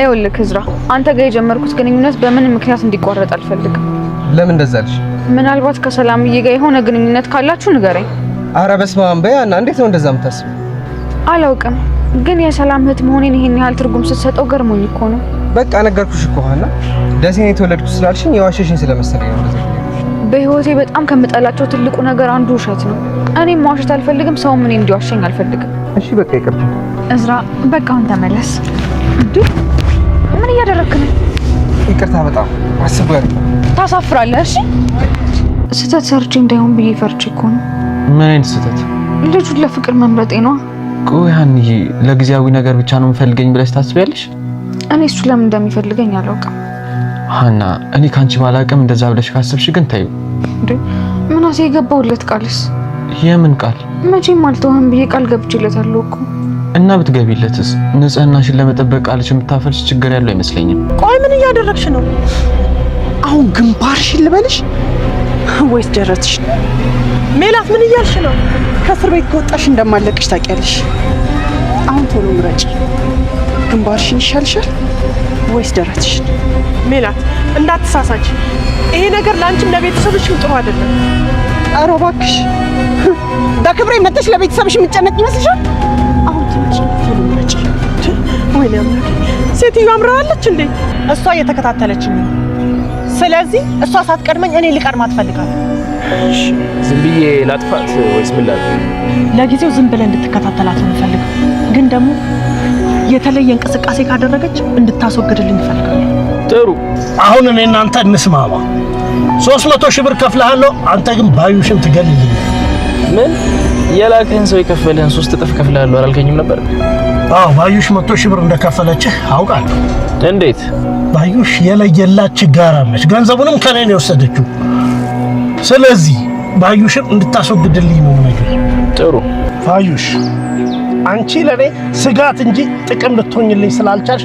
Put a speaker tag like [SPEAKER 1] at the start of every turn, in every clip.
[SPEAKER 1] ይኸውልህ እዝራ፣ አንተ ጋር የጀመርኩት ግንኙነት በምን ምክንያት እንዲቋረጥ አልፈልግም። ለምን እንደዛ አልሽ? ምናልባት ከሰላምዬ ጋር የሆነ ግንኙነት ካላችሁ ንገረኝ።
[SPEAKER 2] አረ በስመ አብ በያና፣ እንዴት ነው እንደዛ የምታስብ?
[SPEAKER 1] አላውቅም፣ ግን የሰላም እህት መሆኔን ይሄን ያህል ትርጉም ስትሰጠው ገርሞኝ እኮ ነው።
[SPEAKER 2] በቃ ነገርኩሽ እኮ ሀና፣ ደሴን የተወለድኩት ስላልሽኝ የዋሸሽኝ ስለመሰለኝ ነው።
[SPEAKER 1] በህይወቴ በጣም ከምጠላቸው ትልቁ ነገር አንዱ ውሸት ነው። እኔም ዋሸት አልፈልግም፣ ሰውም እኔ እንዲዋሸኝ አልፈልግም። እሺ በቃ ይቅርታ እዝራ፣ በቃ አሁን ተመለስ። እያደረግክ ነው?
[SPEAKER 2] ይቅርታ፣ በጣም አስበር።
[SPEAKER 1] ታሳፍራለህ። እሺ፣ ስህተት ሰርቼ እንዳይሆን ብዬ ፈርቼ እኮ ነው።
[SPEAKER 2] ምን አይነት ስህተት?
[SPEAKER 1] ልጁን ለፍቅር መምረጤ ነዋ።
[SPEAKER 2] ቆይ ሀኒዬ፣ ለጊዜያዊ ነገር ብቻ ነው የምፈልገኝ ብለሽ ታስቢያለሽ?
[SPEAKER 1] እኔ እሱ ለምን እንደሚፈልገኝ አላውቅም።
[SPEAKER 2] ሀና፣ እኔ ከአንቺ ባላውቅም እንደዛ ብለሽ ካስብሽ ግን ታዩ
[SPEAKER 1] ምናሴ የገባውለት ቃልስ? የምን ቃል? መቼም አልተውህም ብዬ ቃል ገብቼለታለሁ እኮ
[SPEAKER 2] እና ብትገቢለትስ ንጽህናሽን ለመጠበቅ ቃልሽ የምታፈልሽ ችግር ያለው አይመስለኝም።
[SPEAKER 1] ቆይ ምን እያደረግሽ ነው? አሁን ግንባርሽን ልበልሽ ወይስ ደረትሽ? ሜላት ምን እያልሽ ነው? ከእስር ቤት ከወጣሽ እንደማለቅሽ ታውቂያለሽ። አሁን ቶሎ ምረጭ። ግንባርሽን ይሻልሻል ወይስ ደረትሽ? ሜላት እንዳትሳሳች። ይሄ ነገር ለአንቺም ለቤተሰብሽም ጥሩ አይደለም። ኧረ እባክሽ በክብሬ መጥተሽ ለቤተሰብሽ የምጨነቅ ይመስልሻል? ወይኔ አምላክ! ሴትዮ አምራለች እንዴ? እሷ እየተከታተለችኝ ነው። ስለዚህ እሷ ሳትቀድመኝ እኔ ልቀድማት እፈልጋለሁ።
[SPEAKER 2] እሺ፣ ዝም ብዬ ላጥፋት ወይስ ምን ላድርግ?
[SPEAKER 1] ለጊዜው ዝም ብለህ እንድትከታተላት ነው የምፈልገው፣ ግን ደግሞ የተለየ እንቅስቃሴ ካደረገች እንድታስወግድልኝ እፈልጋለሁ።
[SPEAKER 2] ጥሩ፣
[SPEAKER 3] አሁን እኔ እናንተ እንስማማ። ሶስት መቶ ሺህ ብር ከፍልሃለሁ። አንተ ግን ባዩሽን ትገልልኛለህ።
[SPEAKER 2] ምን የላክህን ሰው የከፈልህን ሶስት እጥፍ ከፍላለሁ አላልከኝም ነበር?
[SPEAKER 3] አዎ ባዩሽ መቶ ሺህ ብር እንደከፈለችህ አውቃለሁ። እንዴት? ባዩሽ የለየላች ጋራመች፣ ገንዘቡንም ከኔ ነው የወሰደችው። ስለዚህ ባዩሽን እንድታስወግድልኝ ነው ነገር። ጥሩ ባዩሽ፣ አንቺ ለኔ ስጋት እንጂ ጥቅም ልትሆኝልኝ ስላልቻልሽ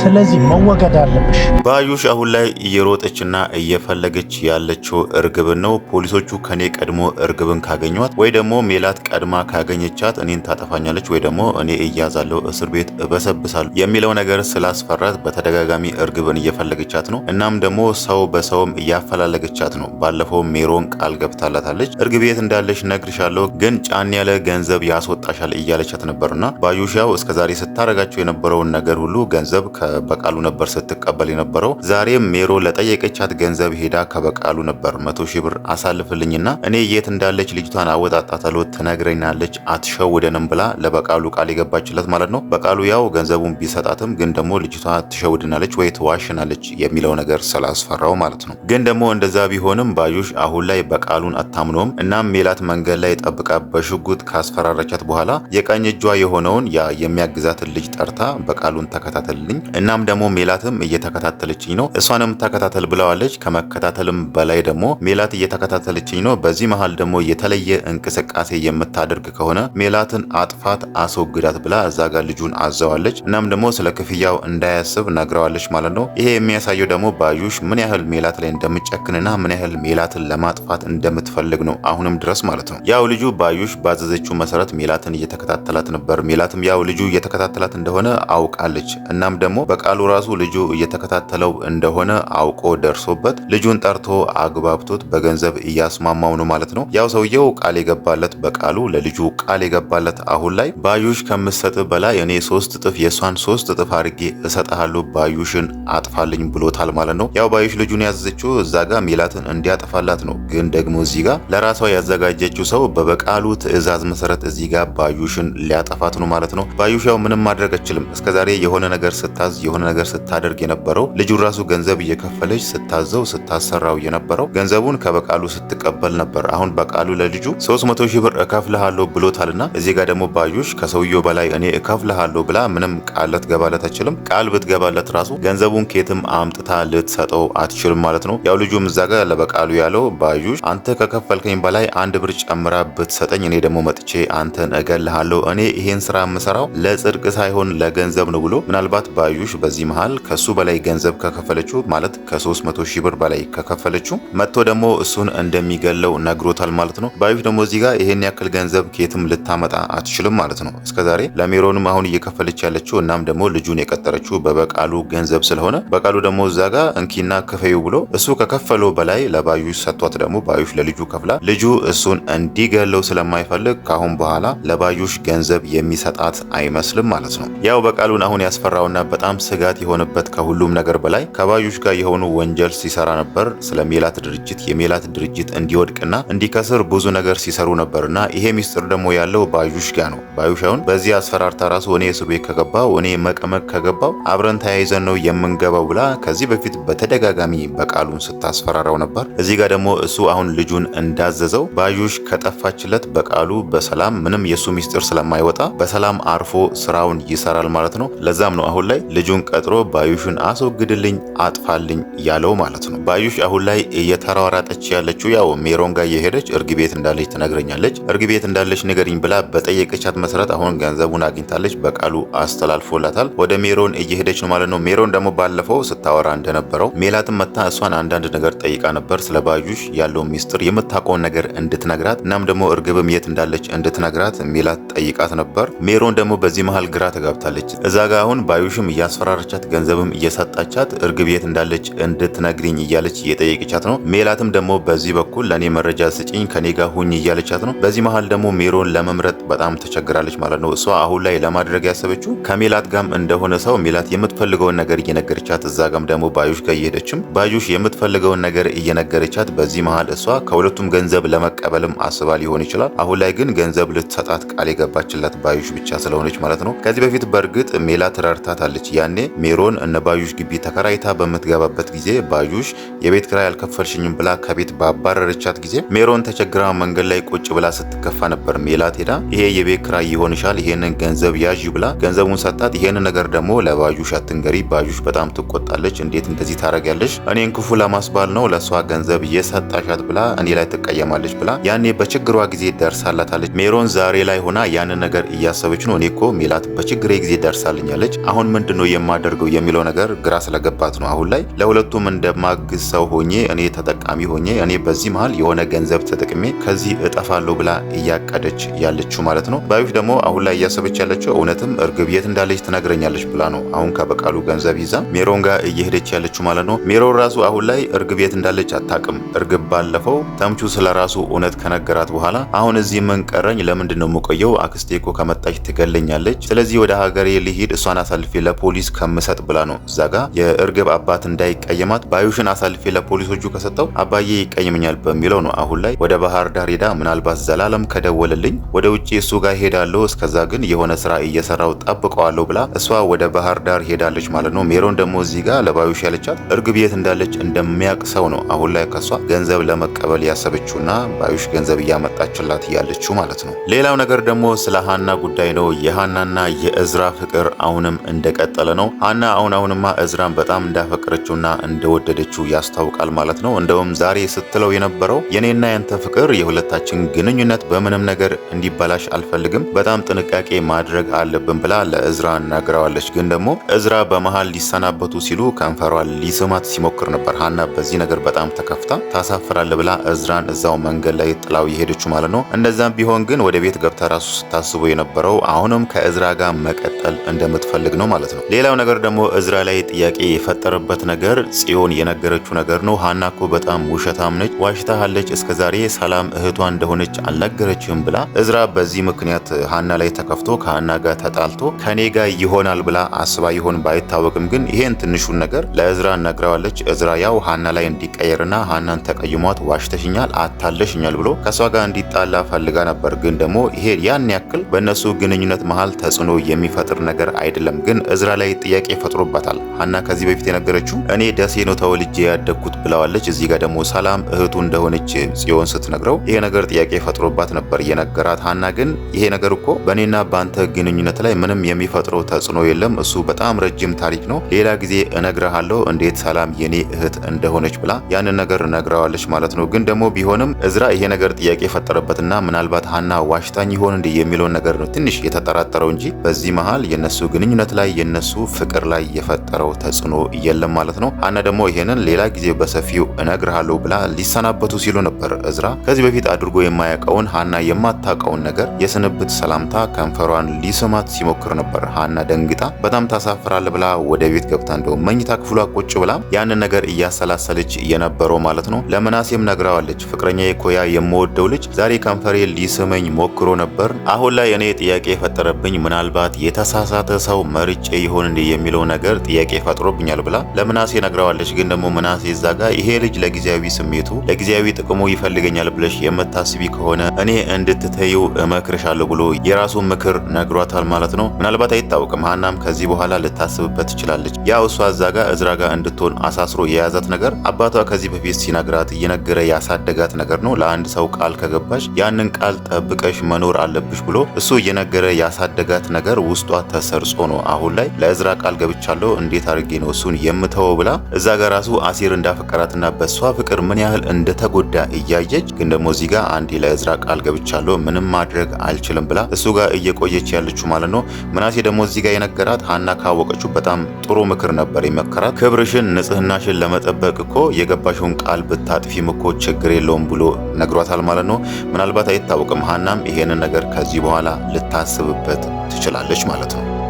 [SPEAKER 3] ስለዚህ መወገድ አለብሽ።
[SPEAKER 4] ባዩሽ አሁን ላይ እየሮጠችና እየፈለገች ያለችው እርግብን ነው። ፖሊሶቹ ከኔ ቀድሞ እርግብን ካገኟት ወይ ደግሞ ሜላት ቀድማ ካገኘቻት እኔን ታጠፋኛለች ወይ ደግሞ እኔ እያዛለው እስር ቤት እበሰብሳሉ የሚለው ነገር ስላስፈራት በተደጋጋሚ እርግብን እየፈለገቻት ነው። እናም ደግሞ ሰው በሰውም እያፈላለገቻት ነው። ባለፈው ሜሮን ቃል ገብታላታለች። እርግብ የት እንዳለች ነግርሻለሁ፣ ግን ጫን ያለ ገንዘብ ያስወጣሻል እያለቻት ነበርና ባዩሽ ያው እስከዛሬ ስታረጋቸው የነበረውን ነገር ሁሉ ገንዘብ ከበቃሉ ነበር ስትቀበል የነበረው። ዛሬም ሜሮ ለጠየቀቻት ገንዘብ ሄዳ ከበቃሉ ነበር መቶ ሺህ ብር አሳልፍልኝና እኔ የት እንዳለች ልጅቷን አወጣጣተሎ ትነግረኛለች፣ አትሸውደንም ብላ ለበቃሉ ቃል የገባችለት ማለት ነው። በቃሉ ያው ገንዘቡን ቢሰጣትም ግን ደግሞ ልጅቷ ትሸውድናለች ወይ ትዋሽናለች የሚለው ነገር ስላስፈራው ማለት ነው። ግን ደግሞ እንደዛ ቢሆንም ባዩሽ አሁን ላይ በቃሉን አታምኖም። እናም ሜላት መንገድ ላይ ጠብቃ በሽጉጥ ካስፈራረቻት በኋላ የቀኝ እጇ የሆነውን ያ የሚያግዛትን ልጅ ጠርታ በቃሉን ተከታተልልኝ እናም ደግሞ ሜላትም እየተከታተለችኝ ነው፣ እሷንም ተከታተል ብለዋለች። ከመከታተልም በላይ ደግሞ ሜላት እየተከታተለችኝ ነው። በዚህ መሀል ደግሞ የተለየ እንቅስቃሴ የምታደርግ ከሆነ ሜላትን አጥፋት፣ አስወግዳት ብላ እዛ ጋር ልጁን አዘዋለች። እናም ደግሞ ስለ ክፍያው እንዳያስብ ነግረዋለች ማለት ነው። ይሄ የሚያሳየው ደግሞ ባዩሽ ምን ያህል ሜላት ላይ እንደምጨክንና ምን ያህል ሜላትን ለማጥፋት እንደምትፈልግ ነው፣ አሁንም ድረስ ማለት ነው። ያው ልጁ ባዩሽ ባዘዘችው መሰረት ሜላትን እየተከታተላት ነበር። ሜላትም ያው ልጁ እየተከታተላት እንደሆነ አውቃለች። እናም ደግሞ ደግሞ በቃሉ ራሱ ልጁ እየተከታተለው እንደሆነ አውቆ ደርሶበት ልጁን ጠርቶ አግባብቶት በገንዘብ እያስማማው ነው ማለት ነው። ያው ሰውየው ቃል የገባለት በቃሉ ለልጁ ቃል የገባለት አሁን ላይ ባዩሽ ከምሰጥ በላይ እኔ ሶስት እጥፍ የእሷን ሶስት እጥፍ አድርጌ እሰጥሃለሁ ባዩሽን አጥፋልኝ ብሎታል ማለት ነው። ያው ባዩሽ ልጁን ያዘዘችው እዛ ጋ ሜላትን እንዲያጠፋላት ነው። ግን ደግሞ እዚህ ጋ ለራሷ ያዘጋጀችው ሰው በበቃሉ ትዕዛዝ መሰረት እዚህ ጋ ባዩሽን ሊያጠፋት ነው ማለት ነው። ባዩሽ ያው ምንም ማድረግ አችልም እስከዛሬ የሆነ ነገር ስታ ስታዝ የሆነ ነገር ስታደርግ የነበረው ልጁን ራሱ ገንዘብ እየከፈለች ስታዘው ስታሰራው የነበረው ገንዘቡን ከበቃሉ ስትቀበል ነበር። አሁን በቃሉ ለልጁ 300 ሺህ ብር እከፍልሃለሁ ብሎታልና እዚህ ጋር ደግሞ ባዩሽ ከሰውየው በላይ እኔ እከፍልሃለሁ ብላ ምንም ቃል ልትገባለት አትችልም። ቃል ብትገባለት ራሱ ገንዘቡን ኬትም አምጥታ ልትሰጠው አትችልም ማለት ነው። ያው ልጁም እዛ ጋር ለበቃሉ ያለው ባዩሽ አንተ ከከፈልከኝ በላይ አንድ ብር ጨምራ ብትሰጠኝ እኔ ደግሞ መጥቼ አንተን እገልሃለሁ። እኔ ይሄን ስራ የምሰራው ለጽድቅ ሳይሆን ለገንዘብ ነው ብሎ ምናልባት ባዩ አዩሽ በዚህ መሀል ከሱ በላይ ገንዘብ ከከፈለችው ማለት ከ300 ሺህ ብር በላይ ከከፈለችው መጥቶ ደግሞ እሱን እንደሚገለው ነግሮታል ማለት ነው። ባዩሽ ደግሞ እዚህ ጋር ይሄን ያክል ገንዘብ ከየትም ልታመጣ አትችልም ማለት ነው። እስከዛሬ ለሜሮንም አሁን እየከፈለች ያለችው እናም ደግሞ ልጁን የቀጠረችው በበቃሉ ገንዘብ ስለሆነ በቃሉ ደግሞ እዛ ጋር እንኪና ክፈዩ ብሎ እሱ ከከፈለው በላይ ለባዩሽ ሰጥቷት ደግሞ ባዩሽ ለልጁ ከፍላ ልጁ እሱን እንዲገለው ስለማይፈልግ ከአሁን በኋላ ለባዩሽ ገንዘብ የሚሰጣት አይመስልም ማለት ነው። ያው በቃሉን አሁን ያስፈራውና በጣም በጣም ስጋት የሆነበት ከሁሉም ነገር በላይ ከባዩሽ ጋር የሆኑ ወንጀል ሲሰራ ነበር። ስለ ሜላት ድርጅት የሜላት ድርጅት እንዲወድቅና እንዲከስር ብዙ ነገር ሲሰሩ ነበርና ይሄ ሚስጥር ደግሞ ያለው ባዩሽ ጋ ነው። ባዩሽ አሁን በዚህ አስፈራርታ ራሱ እኔ እስር ቤት ከገባው እኔ መቀመቅ ከገባው አብረን ተያይዘን ነው የምንገባው ብላ ከዚህ በፊት በተደጋጋሚ በቃሉን ስታስፈራራው ነበር። እዚህ ጋር ደግሞ እሱ አሁን ልጁን እንዳዘዘው ባዩሽ ከጠፋችለት በቃሉ በሰላም ምንም የእሱ ሚስጥር ስለማይወጣ በሰላም አርፎ ስራውን ይሰራል ማለት ነው። ለዛም ነው አሁን ላይ ልጁን ቀጥሮ ባዩሽን አስወግድልኝ፣ አጥፋልኝ ያለው ማለት ነው። ባዩሽ አሁን ላይ እየተሯሯጠች ያለችው ያው ሜሮን ጋር እየሄደች እርግ ቤት እንዳለች ትነግረኛለች። እርግ ቤት እንዳለች ንገርኝ ብላ በጠየቀቻት መሰረት አሁን ገንዘቡን አግኝታለች። በቃሉ አስተላልፎላታል። ወደ ሜሮን እየሄደች ነው ማለት ነው። ሜሮን ደግሞ ባለፈው ስታወራ እንደነበረው ሜላትን መታ እሷን አንዳንድ ነገር ጠይቃ ነበር ስለ ባዩሽ ያለው ሚስጥር የምታውቀውን ነገር እንድትነግራት እናም ደግሞ እርግብም የት እንዳለች እንድትነግራት ሜላት ጠይቃት ነበር። ሜሮን ደግሞ በዚህ መሀል ግራ ተጋብታለች። እዛ ጋ አሁን ባዩሽም እያ እያስፈራረቻት ገንዘብም እየሰጣቻት እርግብ የት እንዳለች እንድትነግሪኝ እያለች እየጠየቀቻት ነው። ሜላትም ደግሞ በዚህ በኩል ለእኔ መረጃ ስጭኝ ከኔ ጋር ሁኝ እያለቻት ነው። በዚህ መሀል ደግሞ ሜሮን ለመምረጥ በጣም ተቸግራለች ማለት ነው። እሷ አሁን ላይ ለማድረግ ያሰበችው ከሜላት ጋም እንደሆነ ሰው ሜላት የምትፈልገውን ነገር እየነገረቻት፣ እዛ ጋም ደግሞ ባዩሽ ጋር እየሄደችም ባዩሽ የምትፈልገውን ነገር እየነገረቻት፣ በዚህ መሀል እሷ ከሁለቱም ገንዘብ ለመቀበልም አስባ ሊሆን ይችላል። አሁን ላይ ግን ገንዘብ ልትሰጣት ቃል የገባችላት ባዩሽ ብቻ ስለሆነች ማለት ነው። ከዚህ በፊት በእርግጥ ሜላት ረድታታለች ያኔ ሜሮን እነ ባዩሽ ግቢ ተከራይታ በምትገባበት ጊዜ ባዩሽ የቤት ክራይ አልከፈልሽኝም ብላ ከቤት ባባረረቻት ጊዜ ሜሮን ተቸግራ መንገድ ላይ ቁጭ ብላ ስትከፋ ነበር። ሜላት ሄዳ ይሄ የቤት ክራይ ይሆንሻል፣ ይሄንን ገንዘብ ያዥ ብላ ገንዘቡን ሰጣት። ይሄን ነገር ደግሞ ለባዩሽ አትንገሪ፣ ባዩሽ በጣም ትቆጣለች። እንዴት እንደዚህ ታረጊያለሽ? እኔን ክፉ ለማስባል ነው ለእሷ ገንዘብ የሰጣሻት ብላ እኔ ላይ ትቀየማለች ብላ ያኔ በችግሯ ጊዜ ደርሳላታለች። ሜሮን ዛሬ ላይ ሆና ያንን ነገር እያሰበች ነው። እኔ እኮ ሜላት በችግሬ ጊዜ ደርሳልኛለች። አሁን ምንድ ምንድን ነው የማደርገው የሚለው ነገር ግራ ስለገባት ነው። አሁን ላይ ለሁለቱም እንደማግዝ ሰው ሆኜ እኔ ተጠቃሚ ሆኜ እኔ በዚህ መሀል የሆነ ገንዘብ ተጠቅሜ ከዚህ እጠፋለሁ ብላ እያቀደች ያለችው ማለት ነው። ባዩሽ ደግሞ አሁን ላይ እያሰበች ያለችው እውነትም እርግብ የት እንዳለች ትነግረኛለች ብላ ነው። አሁን ከበቃሉ ገንዘብ ይዛ ሜሮን ጋር እየሄደች ያለችው ማለት ነው። ሜሮን ራሱ አሁን ላይ እርግብ የት እንዳለች አታቅም። እርግብ ባለፈው ተምቹ ስለ ራሱ እውነት ከነገራት በኋላ አሁን እዚህ ምን ቀረኝ? ለምንድን ነው የምቆየው? አክስቴ እኮ ከመጣች ትገለኛለች። ስለዚህ ወደ ሀገሬ ልሂድ እሷን አሳልፌ ለፖ ለፖሊስ ከምሰጥ ብላ ነው እዛ ጋ የእርግብ አባት እንዳይቀየማት ባዩሽን አሳልፌ ለፖሊሶቹ ከሰጠው አባዬ ይቀየመኛል በሚለው ነው አሁን ላይ ወደ ባህር ዳር ሄዳ ምናልባት ዘላለም ከደወለልኝ ወደ ውጭ እሱ ጋር ሄዳለሁ፣ እስከዛ ግን የሆነ ስራ እየሰራው ጠብቀዋለሁ ብላ እሷ ወደ ባህር ዳር ሄዳለች ማለት ነው። ሜሮን ደግሞ እዚህ ጋር ለባዩሽ ያለቻት እርግብ የት እንዳለች እንደሚያቅ ሰው ነው አሁን ላይ ከሷ ገንዘብ ለመቀበል ያሰበችውና ባዩሽ ገንዘብ እያመጣችላት እያለችው ማለት ነው። ሌላው ነገር ደግሞ ስለ ሀና ጉዳይ ነው። የሀናና የእዝራ ፍቅር አሁንም እንደቀጥ እንደቀጠለ ነው። ሀና አሁን አሁንማ እዝራን በጣም እንዳፈቀረችውና እንደወደደችው ያስታውቃል ማለት ነው። እንደውም ዛሬ ስትለው የነበረው የኔና ያንተ ፍቅር የሁለታችን ግንኙነት በምንም ነገር እንዲበላሽ አልፈልግም፣ በጣም ጥንቃቄ ማድረግ አለብን ብላ ለእዝራ ነግረዋለች ግን ደግሞ እዝራ በመሀል ሊሰናበቱ ሲሉ ከንፈሯ ሊስማት ሲሞክር ነበር። ሀና በዚህ ነገር በጣም ተከፍታ ታሳፍራለ ብላ እዝራን እዛው መንገድ ላይ ጥላው የሄደችው ማለት ነው። እንደዛም ቢሆን ግን ወደ ቤት ገብታ ራሱ ስታስቡ የነበረው አሁንም ከእዝራ ጋር መቀጠል እንደምትፈልግ ነው ማለት ነው። ሌላው ነገር ደግሞ እዝራ ላይ ጥያቄ የፈጠረበት ነገር ጽዮን የነገረችው ነገር ነው። ሀና እኮ በጣም ውሸታም ነች፣ ዋሽታሃለች፣ እስከዛሬ ሰላም እህቷ እንደሆነች አልነገረችም ብላ እዝራ በዚህ ምክንያት ሀና ላይ ተከፍቶ ከሀና ጋር ተጣልቶ ከኔ ጋር ይሆናል ብላ አስባ ይሆን ባይታወቅም ግን ይሄን ትንሹን ነገር ለእዝራ ነግረዋለች። እዝራ ያው ሀና ላይ እንዲቀየርና ሀናን ተቀይሟት ዋሽተሽኛል፣ አታለሽኛል ብሎ ከእሷ ጋር እንዲጣላ ፈልጋ ነበር። ግን ደግሞ ይሄ ያን ያክል በእነሱ ግንኙነት መሀል ተጽዕኖ የሚፈጥር ነገር አይደለም። ግን እዝራ ላይ ጥያቄ ፈጥሮባታል። ሀና ከዚህ በፊት የነገረችው እኔ ደሴ ነው ተወልጄ ያደግኩት ብለዋለች። እዚህ ጋር ደግሞ ሰላም እህቱ እንደሆነች ጽዮን ስትነግረው ይሄ ነገር ጥያቄ ፈጥሮባት ነበር የነገራት። ሀና ግን ይሄ ነገር እኮ በእኔና በአንተ ግንኙነት ላይ ምንም የሚፈጥረው ተጽዕኖ የለም፣ እሱ በጣም ረጅም ታሪክ ነው፣ ሌላ ጊዜ እነግረሃለሁ እንዴት ሰላም የኔ እህት እንደሆነች ብላ ያንን ነገር ነግረዋለች ማለት ነው። ግን ደግሞ ቢሆንም እዝራ ይሄ ነገር ጥያቄ የፈጠረበትና ምናልባት ሀና ዋሽታኝ ይሆን እንዲህ የሚለውን ነገር ነው ትንሽ የተጠራጠረው እንጂ በዚህ መሀል የነሱ ግንኙነት ላይ የነ በእነሱ ፍቅር ላይ የፈጠረው ተጽዕኖ የለም ማለት ነው። ሀና ደግሞ ይሄንን ሌላ ጊዜ በሰፊው እነግርሃለሁ ብላ ሊሰናበቱ ሲሉ ነበር እዝራ ከዚህ በፊት አድርጎ የማያውቀውን ሀና የማታውቀውን ነገር የስንብት ሰላምታ ከንፈሯን ሊስማት ሲሞክር ነበር። ሀና ደንግጣ በጣም ታሳፍራል ብላ ወደ ቤት ገብታ እንደው መኝታ ክፍሏ ቁጭ ብላ ያንን ነገር እያሰላሰለች የነበረው ማለት ነው። ለምናሴም ነግረዋለች። ፍቅረኛ የኮያ የምወደው ልጅ ዛሬ ከንፈሬ ሊስመኝ ሞክሮ ነበር። አሁን ላይ እኔ ጥያቄ የፈጠረብኝ ምናልባት የተሳሳተ ሰው መርጬ ይሆን እንዲህ የሚለው ነገር ጥያቄ ፈጥሮብኛል ብላ ለምናሴ ነግረዋለች። ግን ደግሞ ምናሴ እዛ ጋር ይሄ ልጅ ለጊዜያዊ ስሜቱ ለጊዜያዊ ጥቅሙ ይፈልገኛል ብለሽ የምታስቢ ከሆነ እኔ እንድትተዩ እመክርሻለሁ ብሎ የራሱን ምክር ነግሯታል ማለት ነው። ምናልባት አይታወቅም። ሀናም ከዚህ በኋላ ልታስብበት ትችላለች። ያ እሷ እዛ ጋር እዝራ ጋር እንድትሆን አሳስሮ የያዛት ነገር አባቷ ከዚህ በፊት ሲነግራት እየነገረ ያሳደጋት ነገር ነው። ለአንድ ሰው ቃል ከገባሽ ያንን ቃል ጠብቀሽ መኖር አለብሽ ብሎ እሱ እየነገረ ያሳደጋት ነገር ውስጧ ተሰርጾ ነው አሁን ላይ ለእዝራ ቃል ገብቻለሁ እንዴት አድርጌ ነው እሱን የምተወው ብላ እዛ ጋር ራሱ አሲር እንዳፈቀራትና በሷ ፍቅር ምን ያህል እንደተጎዳ እያየች ግን ደግሞ እዚህ ጋር አንዴ ለእዝራ ቃል ገብቻለሁ ምንም ማድረግ አልችልም ብላ እሱ ጋር እየቆየች ያለችው ማለት ነው። ምናሴ ደግሞ እዚህ ጋር የነገራት ሀና ካወቀችው በጣም ጥሩ ምክር ነበር የመከራት። ክብርሽን፣ ንጽህናሽን ለመጠበቅ እኮ የገባሽውን ቃል ብታጥፊም እኮ ችግር የለውም ብሎ ነግሯታል ማለት ነው። ምናልባት አይታወቅም ሀናም ይሄንን ነገር ከዚህ በኋላ ልታስብበት ትችላለች ማለት ነው።